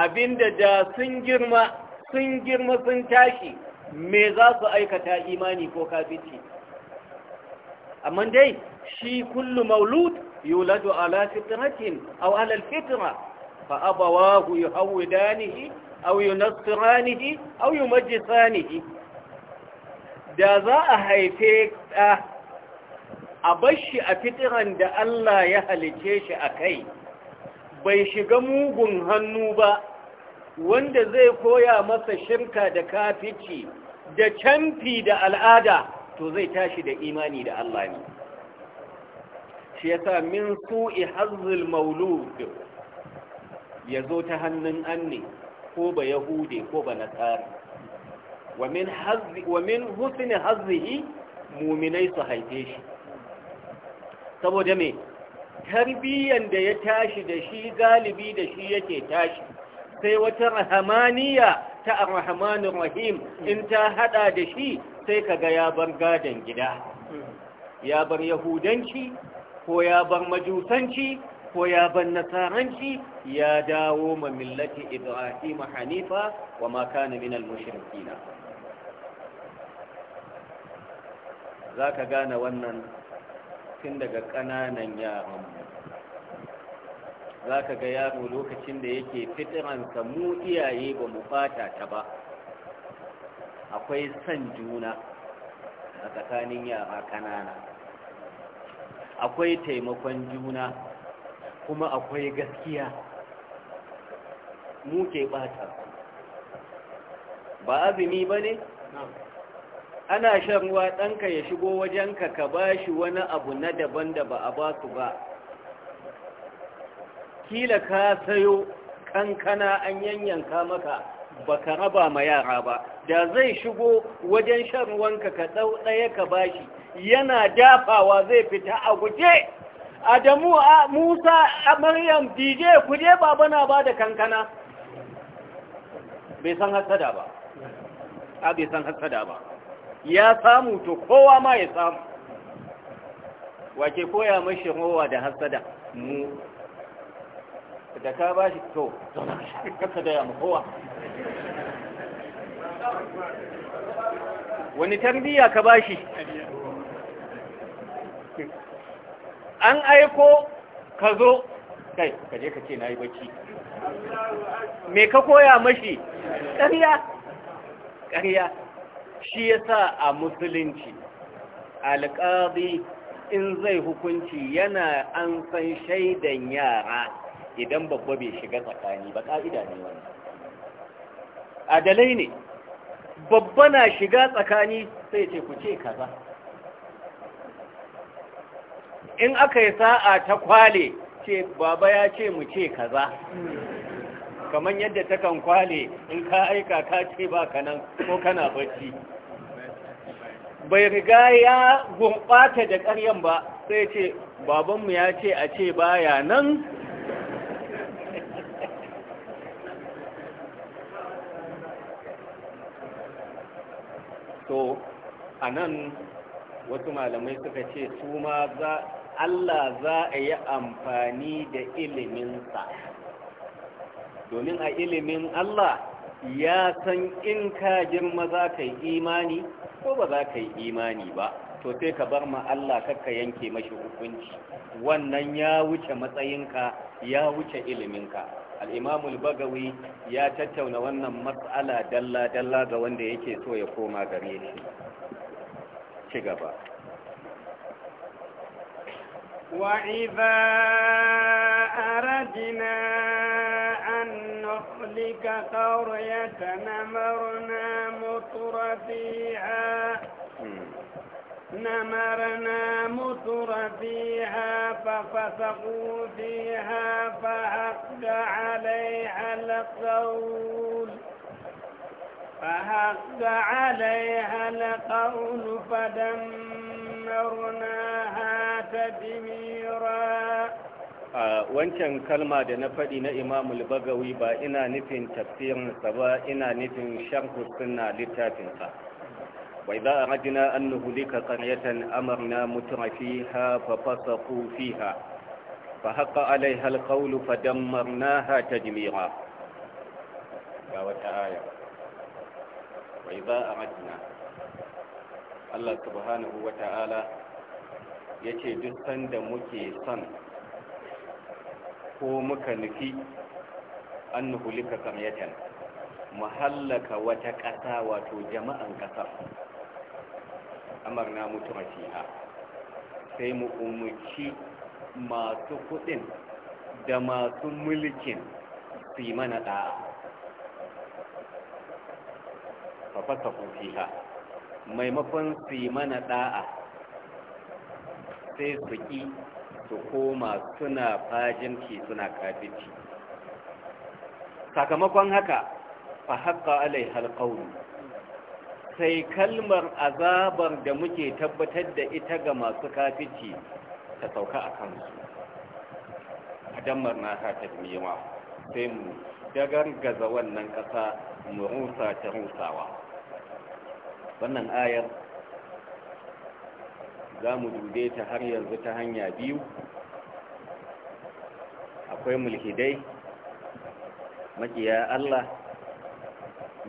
abinda da sun girma sun girma sun tashi me za su aikata imani ko kafici amma dai shi kullu maulud yuladu ala fitratin aw ala alfitra fa abawahu yuhawidanihi aw yunassiranihi aw yumajjisanihi da za a haife ka a bashi a fitiran da Allah ya halice shi a kai bai shiga mugun hannu ba wanda zai koya masa shirka da kafici da canfi da al'ada to zai tashi da imani da Allah ne shi yasa min su'i hazzul maulud zo ta hannun anne ko ba yahude ko ba nasara wa min wa min husni hazzihi mu'minai su haife shi saboda me tarbiyan da ya tashi da shi galibi da shi yake tashi sai wata rahamaniya ta arrahmanir rahim in ta hada da shi sai kaga ya bar gadon gida ya bar yahudanci ko ya bar majusanci ko ya bar nasaranci ya dawo ma millati ibrahim hanifa wa ma kana min al-mushrikeen zaka gane wannan tun daga kananan yaran za ka ga yaro lokacin da yake fitiransa mu iyaye ba mu fata ta ba akwai san juna a tsakanin yara kanana akwai taimakon juna kuma akwai gaskiya mu ke bata ba azumi ba ne? ana shan ruwa ɗanka ya shigo wajenka ka ba shi wani abu na daban da ba a ba su ba kila ka sayo kankana an yanyanka maka baka raba ma yara ba da zai shigo wajen shan ruwanka ka dau daya ka bashi yana dafawa zai fita a guje Adamu a Musa a Maryam DJ ku je baba na ba da kankana bai san hasada ba a bai san hasada ba ya samu to kowa ma ya samu wake koya mashi rowa da hasada mu da ka ba shi to zauna ka ya mu kowa wani tarbiyya ka ba shi an aiko ka zo kai ka je ka ce na yi bacci me ka koya mashi ƙarya ƙarya shi ya sa a musulunci alƙadi in zai hukunci yana an san shaidan yara idan babba bai shiga tsakani ba ƙa'ida ne wani adalai ne babba na shiga tsakani sai ce ku ce kaza in aka yi sa'a ta kwale ce baba ya ce mu ce kaza kamar yadda ta kan kwale in ka aika ka ce ba ka nan, ko kana bacci bai riga ya gumbata da ƙaryan ba sai ce babanmu ya ce a ce baya nan to a nan wasu malamai suka ce su ma za Allah za a yi amfani da iliminsa domin a ilimin Allah ya san in ka girma za ka yi imani ko ba za ka yi imani ba to sai ka bar ma Allah kakka yanke mashi hukunci wannan ya wuce matsayinka ya wuce iliminka al-imam bagawi ya tattauna wannan mas'ala dalla dalla ga wanda yake so ya koma gare shi ci gaba وإذا an أن نخلق قرية نمرنا مطر فيها نمرنا متر فيها ففسقوا فيها فحق عليها القول فحق عليها القول فدمرناها تدميرا wancan kalma da na faɗi na imamul bagawi ba ina nufin tafsirinsa ba ina nufin sharhu sunna littafinsa وإذا أردنا أن نهلك قرية أمرنا متر فيها ففسقوا فيها فحق عليها القول فدمرناها تدميرا يا وتعالى وإذا أردنا الله سبحانه وتعالى yace duk sanda muke son ko muka nufi an nuhulika kamyatan mu hallaka wata ƙasa wato jama'an ƙasar amarna mutu mafiha sai mu umarci masu kudin da masu mulkin su yi mana ɗa'a fafasa fiha maimakon su yi mana ɗa'a sai su ƙi su koma suna ki suna kafici sakamakon haka fa haƙa alai halƙaunu sai kalmar azabar da muke tabbatar da ita ga masu kafici ta sauka a kansu a dammar na ta tafiyewa sai mu dagar gaza wannan ƙasa mu rusa ta rusawa wannan ayar za mu dube ta har yanzu ta hanya biyu akwai mulhidai makiya Allah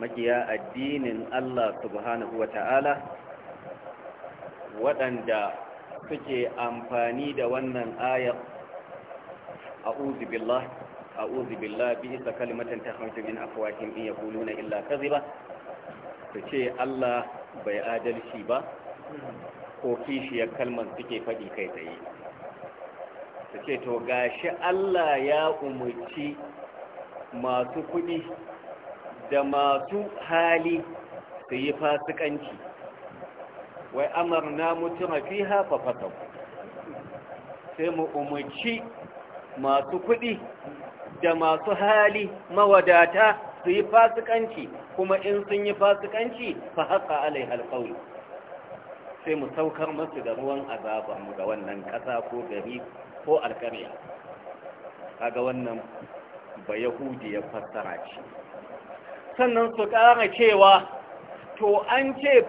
makiya addinin Allah subhanahu wa ta'ala waɗanda suke amfani da wannan ayar a uzubillah a uzubillah bi isa kalimatan ta hamsin afuwakin in ya kuluna illa kazi ba su ce Allah bai adalci ba ko kishiyar kalmar suke faɗi kai tsaye su ce to gashi Allah ya umarci masu kuɗi da masu hali su yi fasikanci wai amarna mutu mafi hafa fatau sai mu umarci masu kuɗi da masu hali mawadata su yi fasikanci kuma in sun yi fasikanci fa haka alai halƙauri sai mu saukar masu da ruwan azabanmu mu ga wannan ƙasa ko gari ko alƙarya kaga wannan ba yahudi ya fassara ce sannan su ƙara cewa to an ce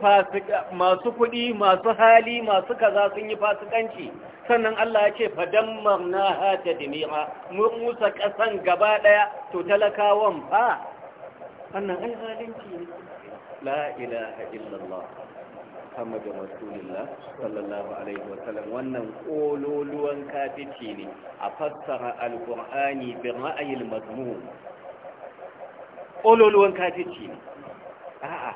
masu kuɗi masu hali masu kaza sun yi fasikanci sannan Allah ya ce fadan marna ha ta dimira mun musa ƙasan gaba ɗaya to talakawan ba sannan an zalunci ne la ilaha illallah Muhammadu Rasulullah sallallahu alaihi wa sallam wannan kololuwan kafici ne a fassara alqur'ani bi ra'ayil mazmum ƙololuwan kafirci ne a'a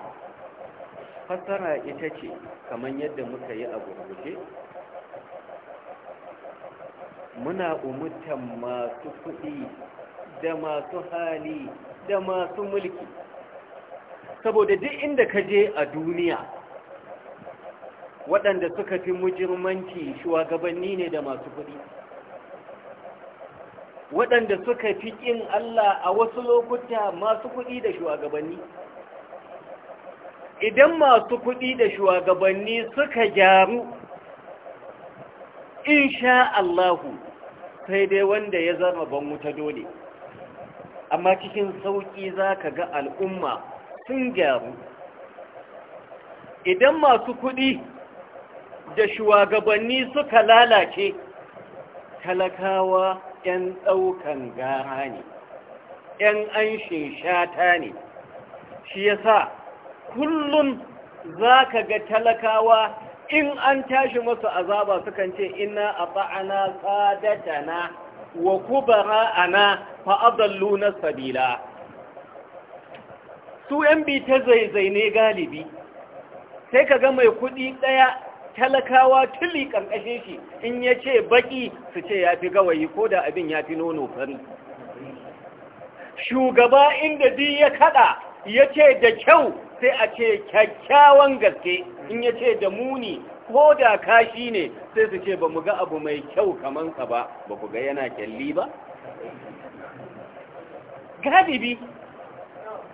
fassara ita ce kamar yadda muka yi a gurguje muna umurtan masu kuɗi da masu hali da masu mulki saboda duk inda ka je a duniya waɗanda suka fi mujirmanci shugabanni ne da masu kuɗi waɗanda suka fi ƙin Allah a wasu lokuta masu kuɗi da shugabanni idan masu kuɗi da shugabanni suka gyaru insha Allahu sai dai wanda ya zama ban wuta dole amma cikin sauƙi za ka ga al'umma sun gyaru idan masu kuɗi da shugabanni suka lalace talakawa 'yan ɗaukan gara ne ‘yan an shata ne shi ya sa kullum za ka ga talakawa in an tashi masu azaba sukan ce ina a ba'ana tsadatana wa kubara'ana fa'adallu na sabila su ‘yan bi ta zaizai ne galibi sai ka ga mai kuɗi ɗaya talakawa tuli ƙarƙashin shi in ya ce baƙi su ce ya fi gawayi ko da abin ya fi nono fari shugaba inda di ya kaɗa ya ce da kyau sai a ce kyakkyawan gaske in ya ce da muni ko da kashi ne sai su ce ba mu ga abu mai kyau kamansa ba ba ku ga yana kyalli ba galibi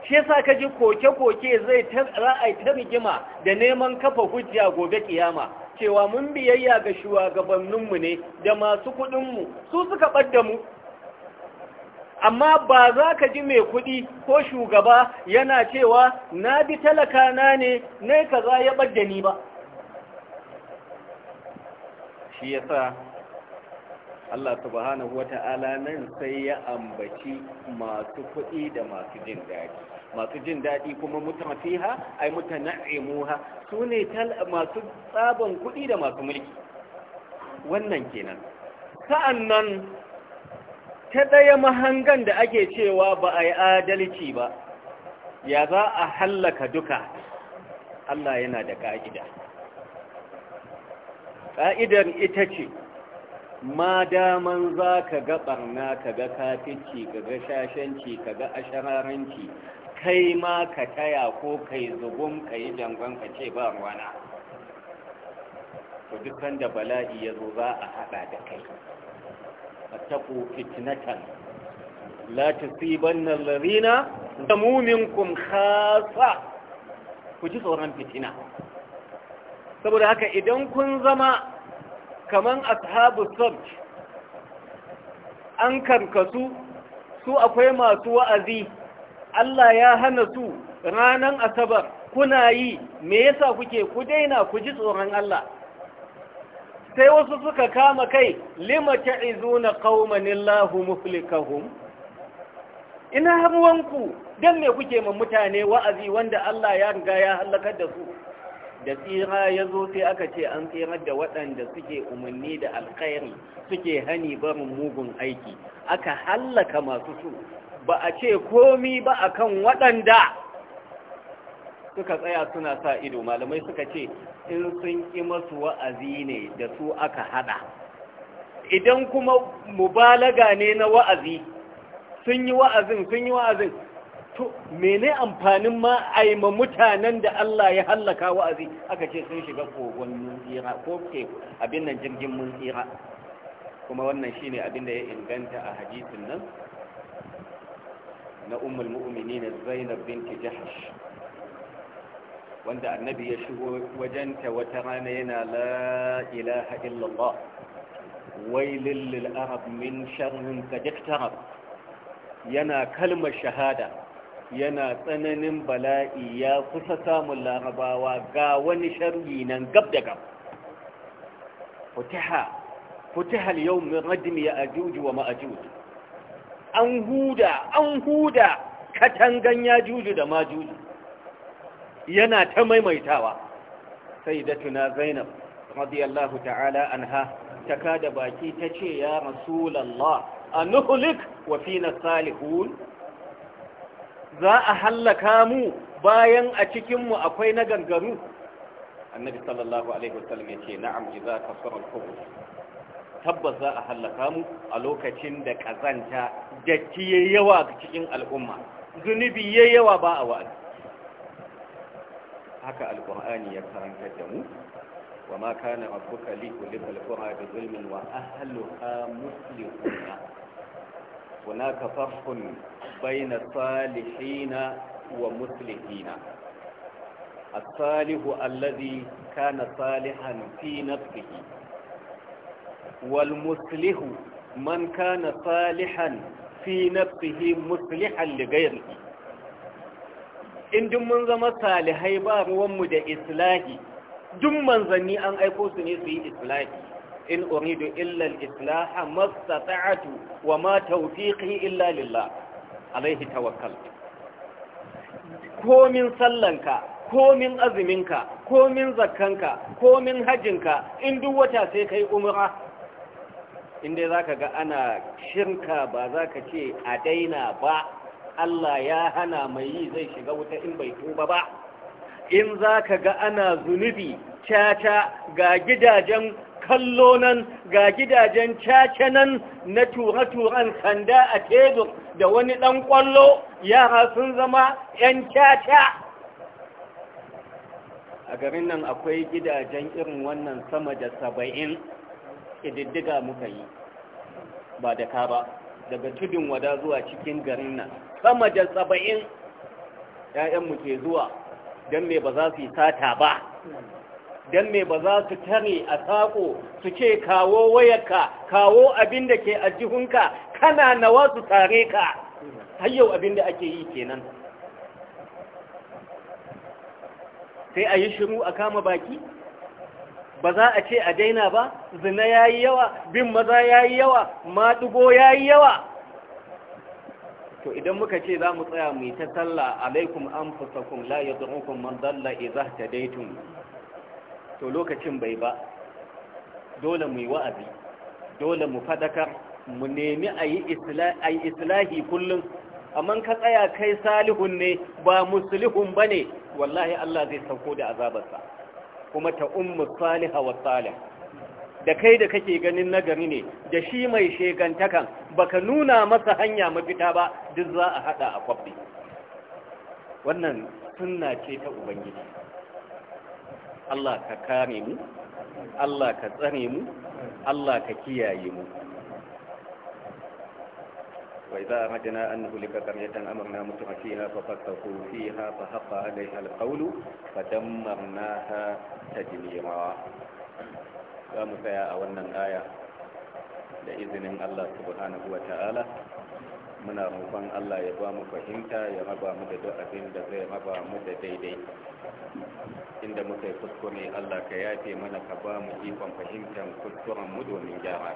shi yasa ka ji koke-koke zai ra'ai ta rigima da neman kafa hujja gobe kiyama cewa mun biyayya ga shugabanninmu ne da masu kuɗinmu su suka ɓadda mu amma ba za ka ji mai kuɗi ko shugaba yana cewa na bi talaka na ne ka za ya ɓadda ni ba shi yasa Allah subhanahu ta'ala nan sai ya ambaci masu kuɗi da masu jin daɗi masu jin daɗi kuma mutafiha ai mutana'imuha su ne masu tsabon kuɗi da masu mulki wannan kenan nan, ta ɗaya mahangan da ake cewa ba a yi adalci ba ya za a hallaka duka Allah yana da ƙa'ida ƙa'idar ita ce ma daman za ka ga ɓarna ka ga kafici ka ga shashanci ka ga ashararanci kai ma ka taya ko kai zubun ka yi jangon ka ce ba ruwana to duk sanda bala'i ya zo za a haɗa da kai fattaku fitnatan la tusibanna allazina zamu minkum khasa ku ji tsoron fitina saboda haka idan kun zama kaman ashabu sabt an karkasu su akwai masu wa'azi Allah ya hana su ranar asabar kuna yi me yasa kuke ku daina ku ji tsoron Allah sai wasu suka kama kai lima ta'izuna qauman illahu muflikahum ina ruwanku dan me kuke ma mutane wa'azi wanda Allah ya riga ya halakar da su da tsira ya zo sai aka ce an tsirar da waɗanda suke umarni da alkhairi suke hani barin mugun aiki aka hallaka masu su ba a ce komi ba a kan waɗanda suka tsaya suna sa ido malamai suka ce in sun ƙi masu wa'azi ne da su aka hada idan kuma mubalaga ne na wa'azi sun yi wa'azin sun yi wa'azin to mene amfanin ma ma mutanen da Allah ya hallaka wa'azi aka ce sun shiga kogon mun tsira ko ke abin nan jirgin mun tsira kuma wannan shine abin da ya inganta a hadisin nan ن أم المؤمنين زينب بنت جحش وعند النبي يشهد وجنت وترانينا لا إله إلا الله ويل للأرب من شر قد اقترب ينا كلمة شهادة ينا سنن بلائي يا فسسام ا ل ا ر ب وقاون شرينا قب فتح فتح اليوم من ردم ي أ وما أ an huda an huda katangan ya juju da ma juju yana ta maimaitawa sai da tuna zainab radiyallahu ta'ala anha ta kada baki ta ce ya rasulallah a nuhulik wa fina salihun za a hallaka mu bayan a cikinmu akwai na gangaru annabi sallallahu alaihi wasallam ya ce na'am idza kasara al tabbas za a hallaka mu a lokacin da kazanta datti ya yawa cikin al'umma zunubi ya yawa ba a wa'azi haka alƙur'ani ya karanta da mu wa ma kana rabbuka li kulikal qura bi zulmin wa ahluha muslihuna hunaka farqun bayna salihina wa muslihina الصالح الذي كان صالحا في نفسه والمصلح من كان salihan في muslihan مصلحا لغيره in mun zama salihai ba ruwanmu da islahi duk manzanni an aiko su ne su yi islahi in uridu illa al-islaha mastata'tu wa ma tawfiqi illa lillah alaihi tawakkaltu komin sallanka komin azuminka komin zakkanka komin hajjinka in duk wata sai kai umra inda za ka ga ana shirka ba za ka ce a daina ba Allah ya hana mai yi zai shiga wuta in bai tuba ba in za ka ga ana zunubi caca ga gidajen kallo nan ga gidajen caca nan na tura-turan sanda a tebur da wani ɗan ƙwallo yara sun zama 'yan caca a garin nan akwai gidajen irin wannan sama da saba'in ƙididdiga muka yi ba da ka ba daga tudun wada zuwa cikin garin nan sama da saba'in ‘ya'yanmu ke zuwa don me ba za su yi sata ba don me ba za su tare a saƙo su ce kawo wayarka kawo abin da ke ajihunka kana nawa su tare ka har abin da ake yi kenan sai a yi shiru a kama baki ba za a ce a daina ba zina ya yi yawa bin maza ya yi yawa maɗugo ya yi yawa to idan muka ce za mu tsaya mu yi ta sallah alaikum an fusakun la ya zurunkun man iza ta daitun to lokacin bai ba dole mu yi wa'azi dole mu fadakar mu nemi a yi islahi kullum amma ka tsaya kai salihun ne ba musulihun ba ne wallahi Allah zai sauko da azabarsa kuma ta ummu saliha wa salih da kai da kake ganin nagari ne da shi mai shegantakan baka nuna masa hanya mafita ba duk za a hada a kwabbi wannan sunna ce ta ubangiji Allah ka kare mu Allah ka tsare mu Allah ka kiyaye mu وإذا أردنا أن نهلك قرية أمرنا متر فيها ففسقوا فيها فحق عليها القول فدمرناها تدميرا قام فيا أولنا الآية لإذن الله سبحانه وتعالى muna roƙon Allah ya ba mu fahimta ya raba mu da duk abin da zai raba mu da daidai inda muka yi kuskure Allah ka yafe mana ka bamu ikon fahimtar kuskuren mu domin gyara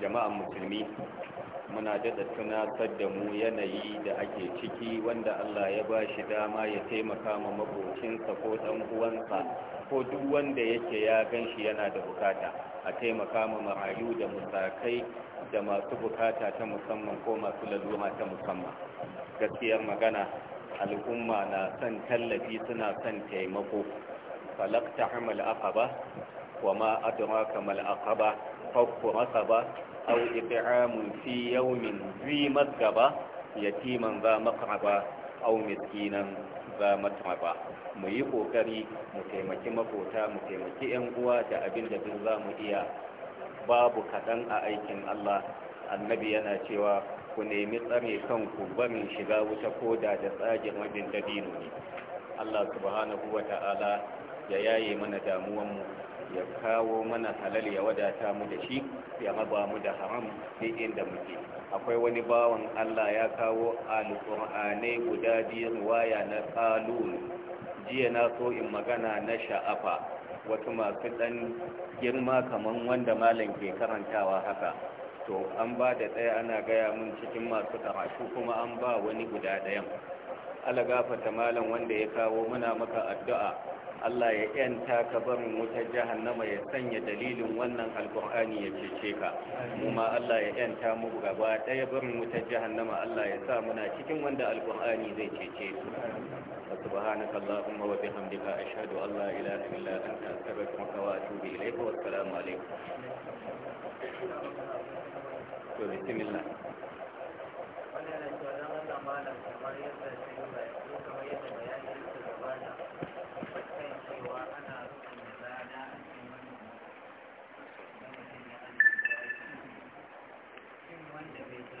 jama'an musulmi muna daɗa tunatar da mu yanayi da ake ciki wanda Allah ya ba shi dama ya taimaka ma mabocinsa ko ɗan uwansa ko duk wanda yake ya gan shi yana da bukata a taimaka ma marayu da musakai da masu bukata ta musamman ko masu lalura ta musamman gaskiyar magana al'umma na son tallafi suna son taimako falakta hamal aqaba wa ma adraka mal aqaba fakku aqaba أو إطعام في يوم ذي مسغبة يتيما ذا مقربة أو مسكينا ذا متربة mu yi ƙoƙari mu taimaki makota mu taimaki 'yan uwa da abin da duk za mu iya babu kaɗan a aikin Allah annabi yana cewa ku nemi tsare kanku barin shiga wuta koda da tsagin wajen dabino ne Allah subhanahu wa ta'ala ya yaye mana damuwanmu ya kawo mana halal ya wadata mu da shi ya raba mu da haram sai inda muke akwai wani bawan Allah ya kawo alƙur'anai guda biyu waya na qalun jiya na so in magana na sha'afa wasu masu dan girma kaman wanda malam ke karantawa haka to an ba da ɗaya ana gaya mun cikin masu karatu kuma an ba wani guda ɗayan ala gafata malam wanda ya kawo muna maka addu'a Allah ya yanta ka barin wutar jahannama ya sanya dalilin wannan alkur'ani ya cece ka kuma Allah ya yanta mu gaba daya barin wutar jahannama Allah ya sa muna cikin wanda alkur'ani zai cece su subhanaka allahumma wa bihamdika ashhadu an la ilaha illa anta astaghfiruka wa atubu ilayka wa assalamu alaikum to bismillah wannan ne to dan Allah malam kamar yadda